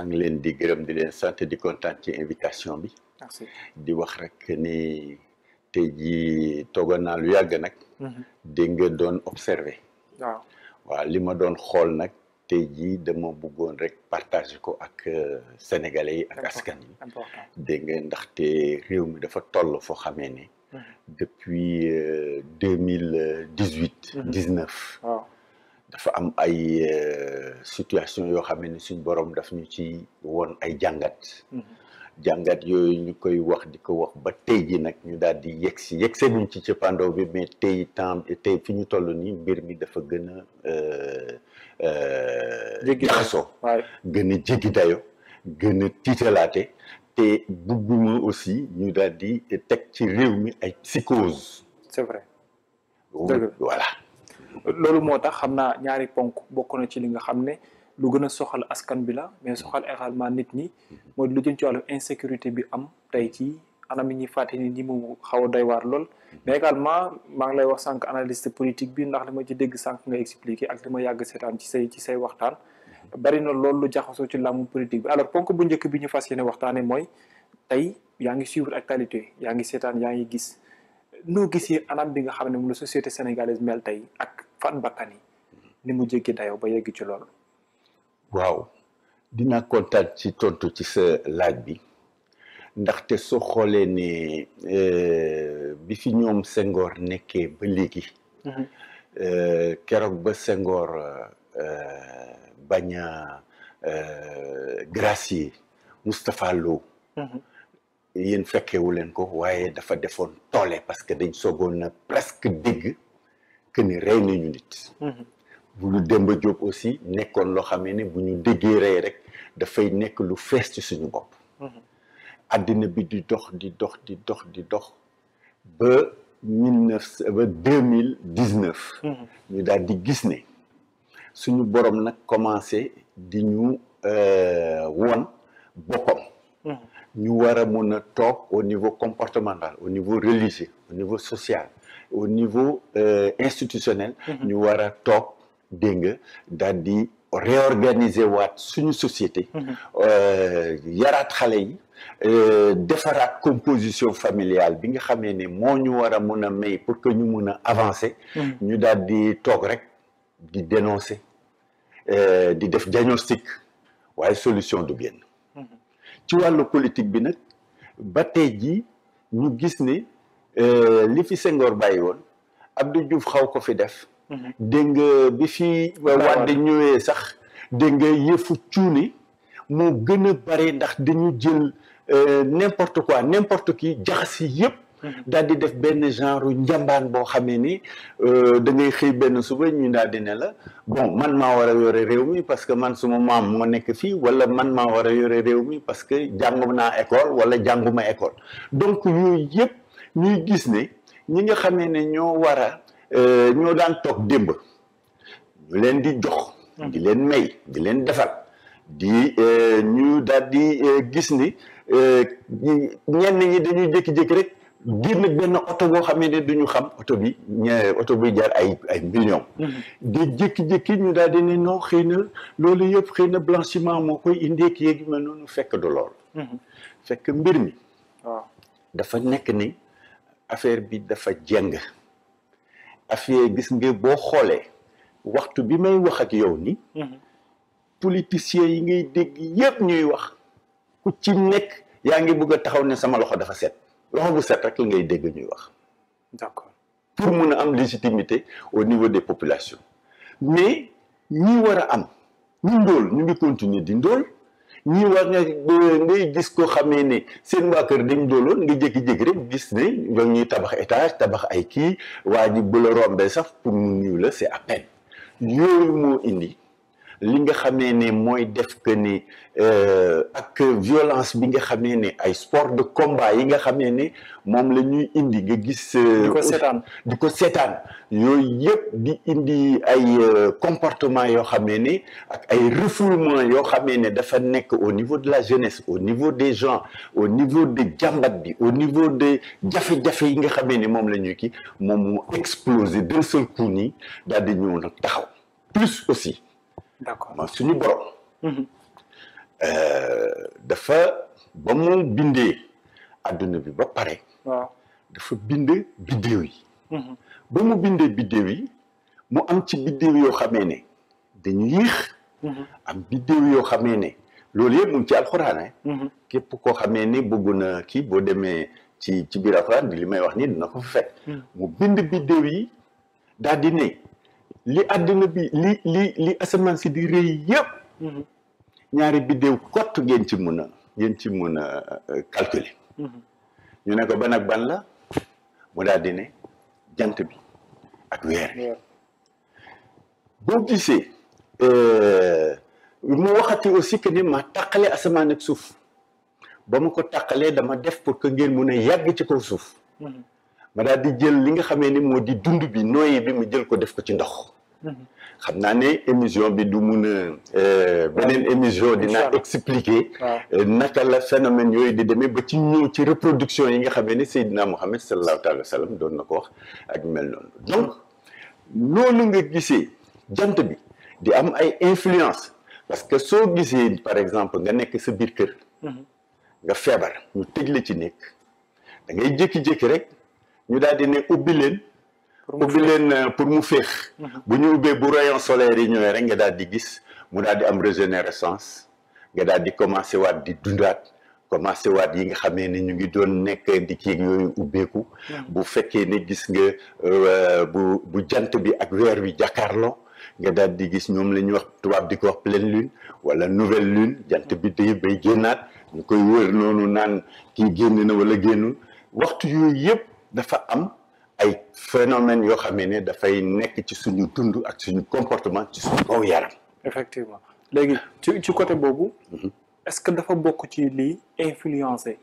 maa ngi leen di gërëm di leen sant di kontaan ci invitation bi. merci di wax rek ni tey ji toogoon naa lu yàgg nag. Mhm. dégg nga doon observé. waaw waaw li ma doon xool nag tey ji dama buggoon rek partage ko ak euh, sénégalais yi ak askan yi. dégg nga ndaxte réew mi dafa toll foo xamee ne. Mhm. depuis euh, dafa am ay euh, situation yoo xam ne suñ borom daf ñu ci woon ay jàngat mhm. jàngat yooyu ñu koy wax di ko wax ba tey ji nag ñu daal di yegg si yegg seeguñ ci cëppaandaw bi mais tey temps tey fi ñu toll nii mbir mi dafa gën a euh, euh, jaxasoo gën a jéggi dayo gën a tiitalaate te bugguma aussi ñu daal di teg ci réew mi ay psychose c'est loolu moo tax xam naa ñaari ponk bokk na ci li nga xam ne lu gën a soxal askan bi la mais soxal également nit ñi mooy lu jëm ci wàllu insécurité bi am tey ci anam yi ñuy fàtte ni ñi xaw a doy waar lool. mais également maa ngi lay wax sànq analyste politique bi ndax li ci dégg sànq nga expliqué ak ma yàgg seetaan ci say ci say waxtaan. bari na loolu lu jaxasoo ci làmmu politique bi ponk bu njëkk bi ñu fas yéene waxtaanee mooy tey yaa ngi suivre actualité yaa ngi seetaan yaa ngi gis. noo gisee anam bi nga xam ne moom la société sénégalaise mel tey ak fan bakkan yi ni mu jéggi dayoo ba yegg ci loolu. waaw dinaa kontaan ci tontu ci sa laaj bi ndaxte soo xoolee ne eh, bi fi ñoom sengoor nekkee ba léegi. Mhm. Eh, keroog ba Senghor eh, bañ a gracier Moustapha Lo. Mhm. yéen fekkewu leen ko waaye dafa defoon toole parce que dañ soogoon na presque dégg que ni rey nañu nit mhm. bu lu Demba Diop aussi nekkoon loo xamee ne bu ñu déggee rey rek dafay nekk lu fees ci suñu bopp mhm. àddina bi di dox di dox di dox di dox ba mille neuf ba deux mille dix neuf mhm. ñu daal di gis ne suñu borom nag commencé di ñu euh, won war a mun a toog au niveau comportemental au niveau religieux au niveau social au niveau euh, institutionnel mm-hmm. ñu war a toog dégg nga daal di réorganiser waat suñu société mm-hmm. euh, yaraat xale yi euh, defaraat composition familiale bi nga xamee ni moo ñu war a mun a may pour que ñu mun a avancer mm-hmm. ñu daal di toog rek di dénoncer euh, di def diagnostic waaye solution du génn ci wàllu politique bi nag ba tey jii ñu gis ne euh, li fi sengoor bàyyi woon Abdou Diouf xaw ko fi def. Mhm. dégg nga bi fi. Wade ñëwee sax dégg nga yëfu cuuni moo gën a bari ndax dañu jël euh, n'importe quoi n'importe qui jaxasi yëpp. daal di def benn genre njambaan boo xamee ni euh, da ngay xëy benn suba ñu daal di ne la bon man maa war a yore réew mi parce que man suma maam moo nekk fii wala man maa war a yore réew mi parce que jàngu naa école wala jànguma école donc yooyu yëpp ñuy gis ne ñi nga xamee ne ñoo war a euh, ñoo daan toog démb leen di jox leen may di leen defal di euh, ñu daal di gis ni ñenn ñi dañuy jékki-jékki rek génn benn oto boo xamee ne duñu xam oto bi ñaare oto buy jar ay ay millions. Mm-hmm. di jékki-jékki ñu daal di ne non xëy na loolu yëpp xëy na blanchiment moo koy indee kii yeegi mel noonu fekk du lool. Mm-hmm. fekk mbir mi. dafa nekk ni affaire bi dafa jeng. affaire gis nga boo xoolee waxtu bi may wax ak yow ni mm-hmm. politiciens yi ngay dégg yëpp ñuy wax ku ci nekk yaa ngi bëgg a taxaw ne sama loxo dafa set. loxo bu set rek la ngay dégg ñuy wax. d'accord pour mun a am légitimité au niveau des population mais ñi war a am ñu ndóol ñu ngi continuer di ndóol ñi war nga ngay gis ko xamee ne seen waa kër dañ ndóoloon nga jékki-jékki rek gis ne ñoo ñuy tabax étage tabax ay kii waa ji bu la rombee sax pour mu nuyu la c'est à peine yooyu moo indi. li nga xamee ne mooy def que ne euh, ak violence bi nga xamee ne ay sport de combat yi nga xamee ne moom la ñuy indi nga gis. Euh, di ko seetaan di ko seetaan yooyu yëpp di indi ay euh, comportement yoo xamee ne ak ay refoulement yoo xamee ne dafa nekk au niveau de la jeunesse au niveau des gens au niveau de jàmbat bi au niveau de jafe-jafe yi nga xamee ni moom la ñuy kii moom mu explosé d'un seul coup nii daal di ñëw nag taxaw plus aussi. d'accord man suñu borom. Mhm. Euh, dafa ba mu bindee adduna bi ba pare. dafa bind biddéew yi. Mhm. ba mu bindee biddéew yi mu am ci biddéew yoo xamee ne dañu yéex. Mhm. am biddéew yoo xamee ne loolu yëpp mu ci alxuraan képp koo xamee ne bëgg na boo demee ci ci biir alxuraan bi li may wax nii dina ko fa mu bind biddéew yi daal di ne. li àddina bi li li li asamaan si di rëy yëpp mhm. ñaari biddéew kott ngeen ci mun a ngeen ci mun a euh, calculer mhm. ñu ne ko ban ak ban la mu daal jant bi ak weer bi boo gisee euh, mu waxati aussi que ni ma tàqale asamaan ak suuf ba ma ko tàqalee dama def pour que ngeen mun a yàgg ci kaw suuf mhm. ma daal di jël li nga xamee ni moo di dund bi nooyi bi mu jël ko def ko ci ndox. Mhm. xam naa ne émission bi du mun a. Euh, beneen émission dinaa expliquer. Euh, naka la phénomène yooyu di demee ba ci ñëw ci reproduction yi nga xamee ni Seydina Mohamed sallallahu alayhi wa sallam doon na ko wax ak mel noonu. donc noonu nga gisee jant bi di am ay influence parce que soo gisee par exemple nga nekk sa biir kër. Mhm. nga feebar ñu tëj la ci nekk da ngay jékki-jékki rek. ñu daal di ne ubbi leen ubbi leen pour mu feex euh, mhm. bu ñu ubbee bu rayon solaire yi ñëwee rek nga daal di gis mu daal di am régénérescence nga daal di commencé waat di dundaat commencé waat yi nga xamee ni ñu ngi doon nekk di kii yooyu ubbeeku mhm. bu fekkee ni gis nga euh, bu jant bi ak weer wi jàkkaarloo nga daal di gis ñoom la ñuy wax tubaab di ko wax pleine lune wala nouvelle lune jant bi day bay génnaat ñu koy wër noonu naan kii génn na wala génnul waxtu yooyu yëpp dafa am ay phénomènes yoo xamee ne dafay nekk ci suñu dund ak suñu comportement ci suñu kaw yaram. effectivement léegi ci ci côté boobu. Mm-hmm. est-ce que dafa bokk ci lii influencer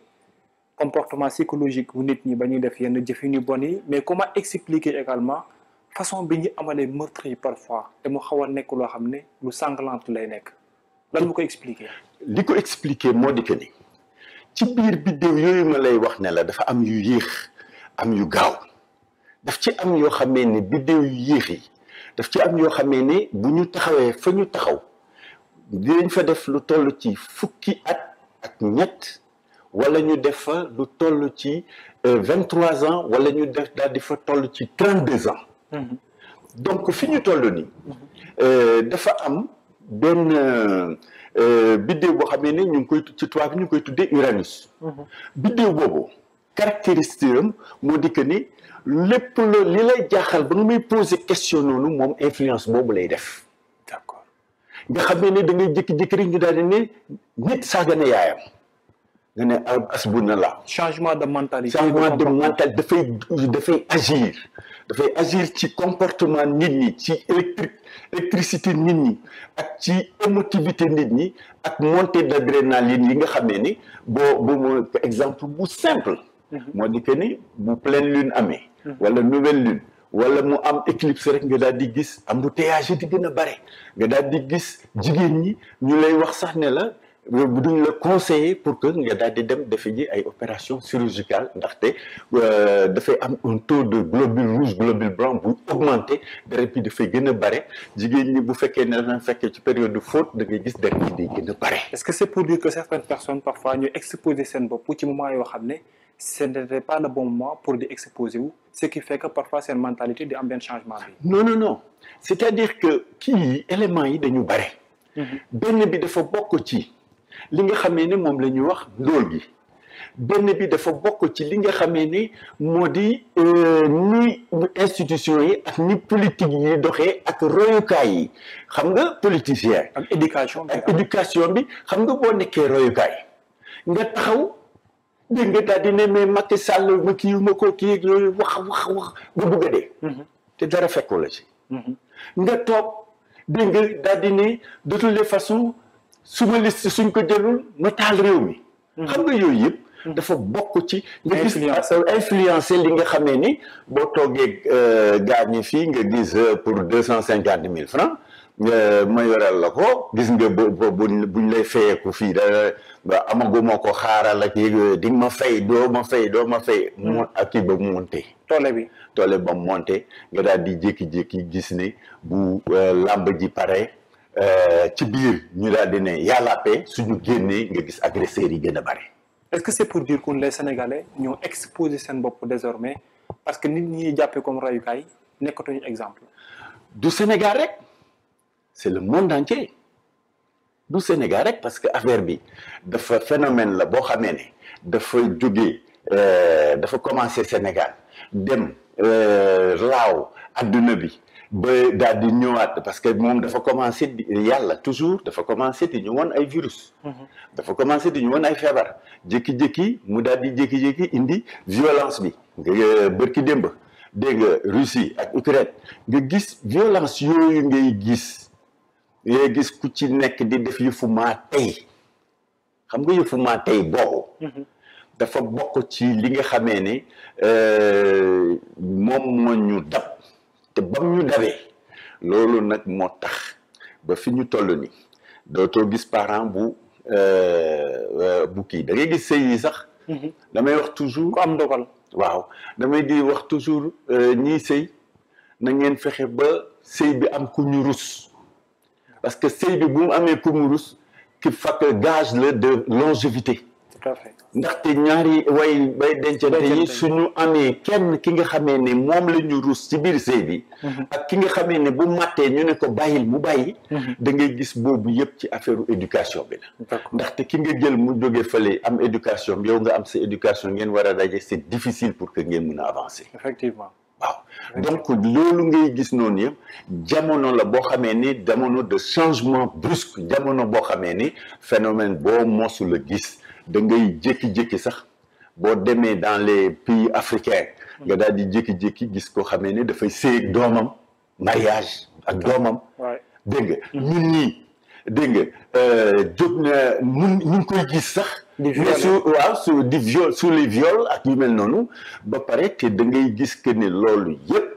comportement psychologique bu nit ñi ba ñuy def yenn jëfin yu bon yi mais comment expliquer également façon bi ñu amalee meurtre yi parfois te mu xaw a nekk loo xam ne lu sanglante lay nekk lan mu ko expliquer. li ko expliquer moo di que ni ci biir biddéew yooyu ma lay wax ne la dafa am yu yéex. am yu gaaw daf ci am yoo xamee ne biddéew yu yéex yi daf ci am yoo xamee ne bu ñu taxawee fa ñu taxaw dinañ fa def lu toll ci fukki at ak ñett wala ñu def fa lu toll ci euh, vingt trois ans wala ñu def daal di fa toll ci trente deux ans mm-hmm. donc fi ñu toll nii mm-hmm. euh, dafa am benn euh, biddéew boo xamee ne ñu ngi koy ci tubaab ñu ngi koy tuddee Uranus mm-hmm. boobu caractéristique am moo di que ni lépp loolu li lay jaaxal ba nga muy poser question noonu moom influence boobu lay def d'accord nga xam ne da ngay jékki-jékki ñu daal di ne nit saaga ne yaayam nga ne asbunallah changement de mentalité changement de dafay dafay agir dafay agir ci comportement nit ñi ci électrique électricité nit ñi ak ci émotivité nit ñi ak naa d'adrénaline yi nga xam ne ni boo boo exemple bu simple Mhm. moo di que ni bu pleine lune amee. Mhm. wala nouvelle lune. wala mu am éclipse rek nga daal di gis am bu embouteillage di gën a bare nga daal di gis jigéen ñi ñu lay wax sax ne la bu duñ la conseiller pour que nga daal di dem defe ji ay opération chirurgicale ndaxte euh, dafay am un taux de globule rouge globule blanc bu augmenté deret bi dafay gën a bare jigéen ñi bu fekkee ne dafa fekkee ci période de faute da gis deret bi day gën bare. est-ce que c'est pour seen bopp ci moment yoo xam ne. ce n'était pas le bon moment pour de exposer wu ce qui fait que parfois seen mentalité di am benn changement bi non non non c'est-à-dire que kii élément yi dañu bare mhm. benn bi dafa bokk ci li nga xamee ne moom la ñuy wax ndóol gi benn bi dafa bokk ci li nga xamee ne moo di euh, ni institution yi ak ni politique yi doxee ak royukaay yi xam nga politicien ak éducation ak éducation bi xam nga boo nekkee royukaay nga taxaw dégg nga daal di ne mais Macky Sall ma kii ma ko kii yooyu wax wax wax ba bëgg a dee. Mm-hmm. te dara fekkoo la ci. Mm-hmm. nga toog dégg nga ni di ne de toutes les façons suma liste suñ ko jëlul ma taal réew mi. Mm-hmm. xam nga yooyu yëpp. dafa bokk ci. nga gis influencé li nga xamee ni boo toogee euh, gaañi fii nga gis euh, pour deux cent cinquante mille francs ma yoreel la ko gis nga bu buñ lay fayeeku fii da amaguma ko xaaral ak yéeg di ma fay doo ma fay doo ma fay hmm. mu ak kii ba monté toole bi toole ba monte nga daal di jékki-jékki gis ni bu euh, làmb ji pare euh, ci biir ñu daal di ne yàlla pe suñu génnee nga gis agresseurs yi gën a bare est-ce que c'est pour dire que les Sénégalais ñoo exposé seen bopp désormais parce que nit ñi jàppee comme rayukaay nekkatuñu exemple du Sénégal rek c'est le monde entier du Sénégal rek parce que affaire bi dafa phénomène la boo xamee ne euh, dafa jóge dafa commencé Sénégal dem euh, laaw adduna bi ba daal di ñëwaat parce que moom dafa commencé yàlla toujours dafa commencé di ñu woon ay virus. Mhm. dafa commencé di ñu woon ay feebar jékki-jékki mu daal di jékki-jékki indi violence bi nga euh, bërki démb dégg nga Russie ak Ukraine nga gis violence yooyu ngay gis. yooyu gis ku ci nekk di def yëfu tey xam nga yëfu maa tey boobu mhm. dafa bokk ci li nga xamee ni euh, moom moo ñu dab te bam ñu dabee loolu nag moo tax ba fi ñu toll ni dootoo gis parent bu euh, euh, bu kii da ngay gis sëy yi sax mhm. damay wax toujours ku am ndogal waaw damay di wax toujours ñiy sëy na ngeen fexe ba sëy bi am ku ñu rus parce que sëy bi bu amee pour mu rus ki fakk gage la de longévité ndaxte ñaari way bay dencante yi suñu amee kenn ki nga xamee ne am la ñu ruus ci biir sëy bi mhm. ak ki nga xamee ne bu màttee ñu ne ko bàyyil mu bàyyi mhm. da ngay gis boobu yëpp ci affaire éducation bi la ndaxte ki nga jël mu jóge fële am éducation yow nga am sa éducation ngeen war a daje c'est difficile pour que ngeen mën a avancer effectivement waaw donc loolu ngay gis noonu yëpp jamono la boo xamee ni jamono de changement brusque jamono boo xamee ni phénomène boo mosu a gis da ngay jékki-jékki sax boo demee dans les pays africain nga daal di jékki-jékki gis koo xamee ni dafay séeg doomam mariage ak doomam dégg nga ñun mhm. ñii dégg euh, na ñu ngi koy gis sax di viol waaw su di viol su les viol ak yu mel noonu ba pare te da ngay gis que ne loolu yëpp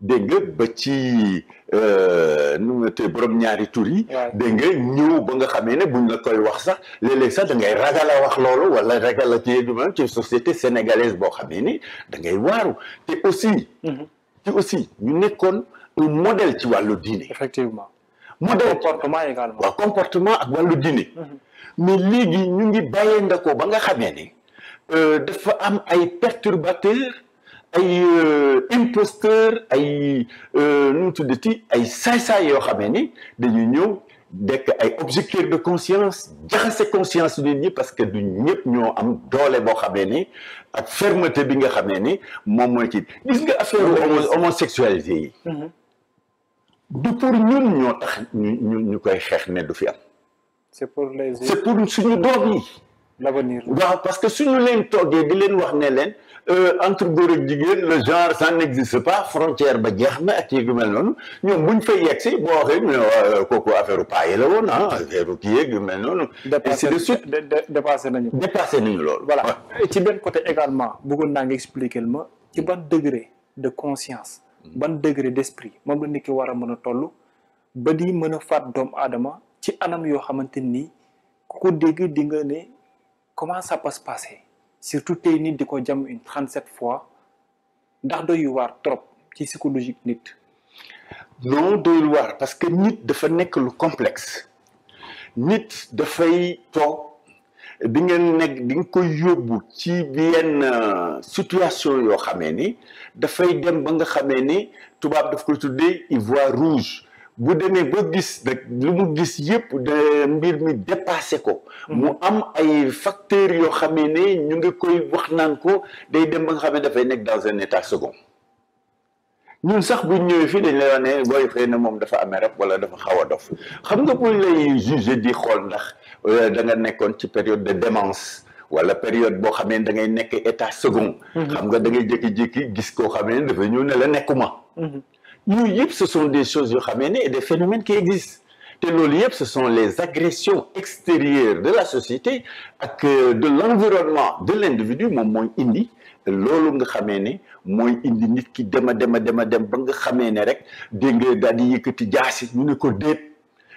dégg nga ba ci euh, nu mu te borom ñaari tur yi. dégg nga ñëw ba nga xamee ne buñ la koy wax sax léeg sax da ngay ragal a wax loolu wala ragal a ci maanaam ci société sénégalaise boo xamee ni da ngay waaru te aussi. Mm-hmm. te aussi ñu nekkoon un modèle ci wàllu diine. effectivement. modèle comportement également waaw comportement ak wàllu diine mm-hmm. mais léegi ñu ngi bàyyee ndakoo ba nga xamee ne euh, dafa am ay perturbateur ay euh, imposteur ay euh, nu mu tuddati ay saay-saay yoo xamee ni dañuy ñëw dekk ay objecteurs de conscience jaxase conscience nit ñi parce que du ñëpp ñoo am doole boo xamee ni ak fermeté bi nga xamee ni moom mooy ci gis nga affaire mm-hmm. homosexualité yi mm-hmm. du pour ñun ñoo tax ñu ñu ñu koy xeex ne du fi am. c'est pour les c'est pour suñu doom yi. l'avenir waaw parce que su ñu leen toogee di leen wax ne leen euh, entre góor ak jigéen le genre ça n'existe pas frontière ba jeex na ak yéegi mel noonu ñoom buñ fay yegg si boo waxee ñu ne euh, kooku affaire paa yi la woon ah affaire kii yeeg mel noonu. dépassé dépassé nañu ko dépassé nañu loolu. voilà ci benn côté également bëggoon naa nga expliquer ma ci ban degré de conscience. ban degré d'esprit moom la nit ki war a mën a toll ba di mën a faat doom aadama ci anam yoo xamante ni ku ko dégg di nga ne comment ça peut se surtout tey nit di ko jam une trente-sept fois ndax doyu waar trop ci psychologique nit non doyul waar parce que nit dafa nekk lu complex nit dafay toog di ngeen nekk di nga koy yóbbu ci yenn euh, situation yoo xamee ni dafay dem ba nga xamee ni tubaab daf koy tuddee il voit rouge bu demee ba gis rek lu mu gis yëpp de mbir mi dépassé ko mu mhm. am ay facteurs yoo xamee ne ñu ngi koy wax naan ko day dem ba nga xam ne dafay nekk dans un état second ñun sax bu ñëwee fii dañ lay wax ne booy xëy na moom dafa amee rek wala dafa xaw a dof xam nga buñ lay jugé di xool ndax euh, da nga nekkoon ci période de démence wala période boo xamee da ngay nekk état second mhm. xam nga da ngay jékki-jékki gis koo xamee ne dafa ñëw ne la nekkuma. Mhm. yooyu yëpp ce sont des choses yoo xamee ne et des phénomènes qui existent te loolu yëpp ce sont les agressions extérieures de la société ak euh, de l'environnement de l'individu moom mooy indi loolu nga xamee ne mooy indi nit ki dem a dem a dem a dem ba nga xamee ne rek dégg nga daal di yëkkati jaasi ñu ne ko déet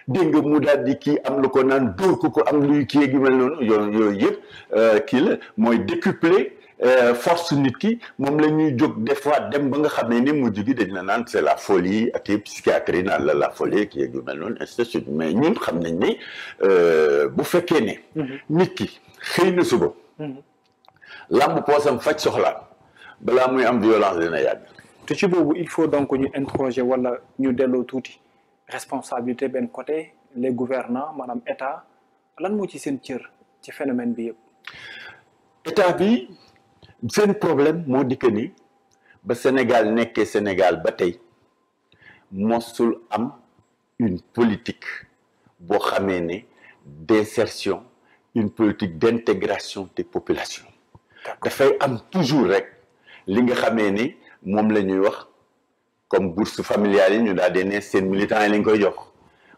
dégg nga mu daal di kii am lu ko naan dóor ko ko am luy kii gi mel noonu yooyu yooyu yëpp euh, kii la mooy décuplé Euh, force nit ki moom la ñuy jóg des fois dem ba nga xam ne ni mujj gi dañ la naan c'est la folie ak psychiatrie naan la la folie ki yeeg yu mel noonu ainsi de suite mais ñun xam nañ ne euh, bu fekkee ne mhm. nit ki xëy na suba mhm. làmb poosam faj soxla balaa muy am violence dina yàgg te ci boobu il faut donc ñu interroger wala ñu delloo tuuti responsabilité benn côté les gouvernant maanaam état lan moo ci seen cër ci phénomène bi yëpp état bi seen problème moo di que ni ba Sénégal nekkee Sénégal ba tey mosul am une politique boo xamee ne d'insertion une politique d'intégration des population dafay am toujours rek li nga xamee ni moom la ñuy wax comme bourse familial yi ñu daal di ne seen militants yi lañ koy jox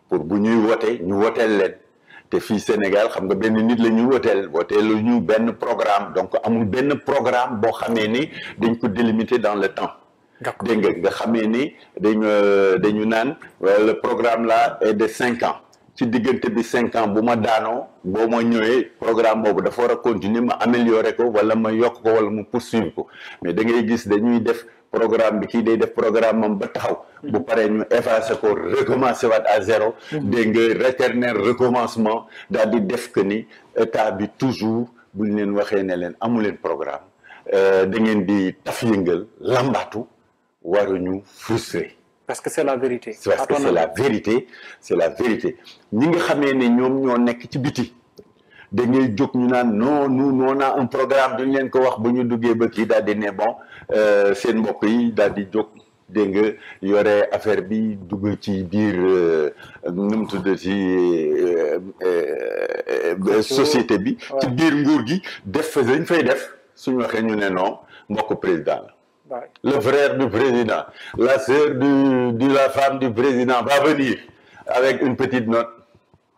pour bu ñuy wote ñu woteel leen te fii Sénégal xam nga benn nit la ñu woteel woteelu ñu benn programme donc amul benn programme boo xamee ni dañ ko délimiter dans le temps dégg nga nga xamee ni dañu euh, dañu naan euh, le programme la est de cinq ans ci diggante bi cinq ans bu ma daanoo boo ma ñëwee programme boobu dafa war a continuer ma améliorer ko wala ma yokk ko wala ma poursuivre ko mais da gis dañuy def programme bi kii dey def programme am ba taxaw bu paree ñu effacé ko recommencé waat à zéro dégg nga réternel recommencement daal di def que ni état bi toujours buñ leen waxee ne leen amu leen programme euh, da ngeen di taf yëngal làmbaatu waruñu frustré parce que c'est la vérité parce que c'est la vérité c'est la vérité ñi nga xamee ne ñoom ñoo nekk ci biti da ngay jóg ñu naan non nous a un programme duñ leen ko wax bu ñu duggee ba kii daal di ne bon euh, seen mbokk yi daal di jóg dégg nga yore affaire bi dugg ci biir euh, nu mu tudd ci euh, société bi ci biir nguur gi def dañ fay def suñ waxee ñu ne non mbokk président la le frère du président la sœur du de la femme du président va venir avec une petite note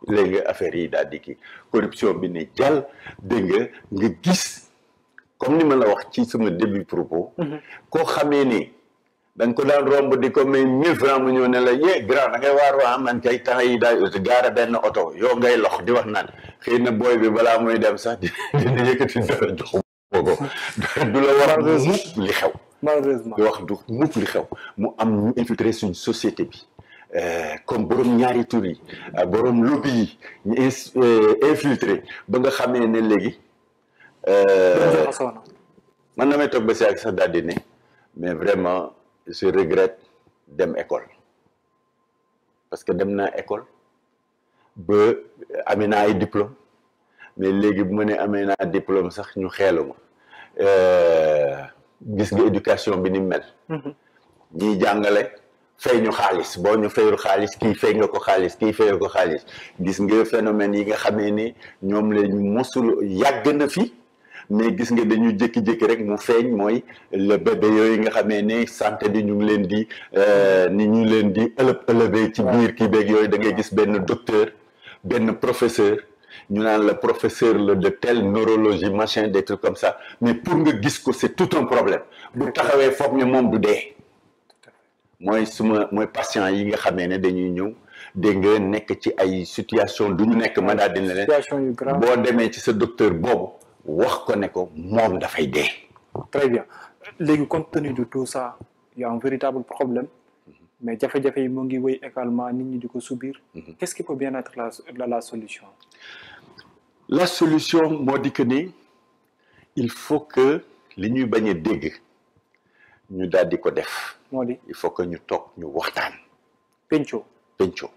léegi affaire yi daal di kii corruption bi ni jàll dégg nga nga gis comme ni ma la wax ci sama début propos mhm. koo xamee ni da nga ko daan romb di ko may mille francs mu ñëw ne la yee grand da ngay waar am man kay temps yi daay gaara benn oto yow ngay lox di wax naan xëy na booy bi balaa muy dem sax di dina yëkkati dara jox boobu mhm. du la war a mukk li xew malheureusement wax du mukk li xew mu am ñu infiltré suñ société bi Eh, comme borom ñaari tur yi eh, boroom lobby yi ñu eh, infiltré ba nga xamee ne léegi. man damay toog ba si ak sax daal di mais vraiment je regrette dem école parce que dem naa école ba amee naa ay diplôme mais léegi bu ma ne amee naa diplôme sax ñu xeelu ma gis nga éducation bi ni mel. Mm-hmm. ñiy jàngale. fay ñu xaalis boo ñu fayul xaalis kii fay nga ko xaalis kii fay nga ko xaalis gis nga phénomène yi nga xamee ni ñoom lañ mosul yàgg na fi mais gis nga dañu jékki-jékki rek mu feeñ mooy le bébé yooyu nga xamee ne santé bi ñu leen di euh, ni ñu leen di ëlëb ëlëbee ci biir kii beeg yooyu da ngay gis benn docteur benn professeur ñu naan la professeur la de telle neurologie machin des trucs comme ça mais pour nga gis ko c'est tout un problème bu taxawee foog dee mooy suma mooy patient yi nga xamee ne dañuy ñëw dégg nga nekk ci ay situation du ñu nekk ma daal dina leen boo demee ci sa docteur boobu wax ko ne ko moom dafay dee très bien léegi compte tenu tout ça y a un véritable problème mais jafe-jafe yi mu ngi wéy également nit ñi di ko subir mhm. qu'est-ce qui peut bien être la la, la solution la solution moo dikk que il faut que li ñuy bañ dégg ñu daal di ko def. moo di il faut que ñu toog ñu waxtaan. penco penco.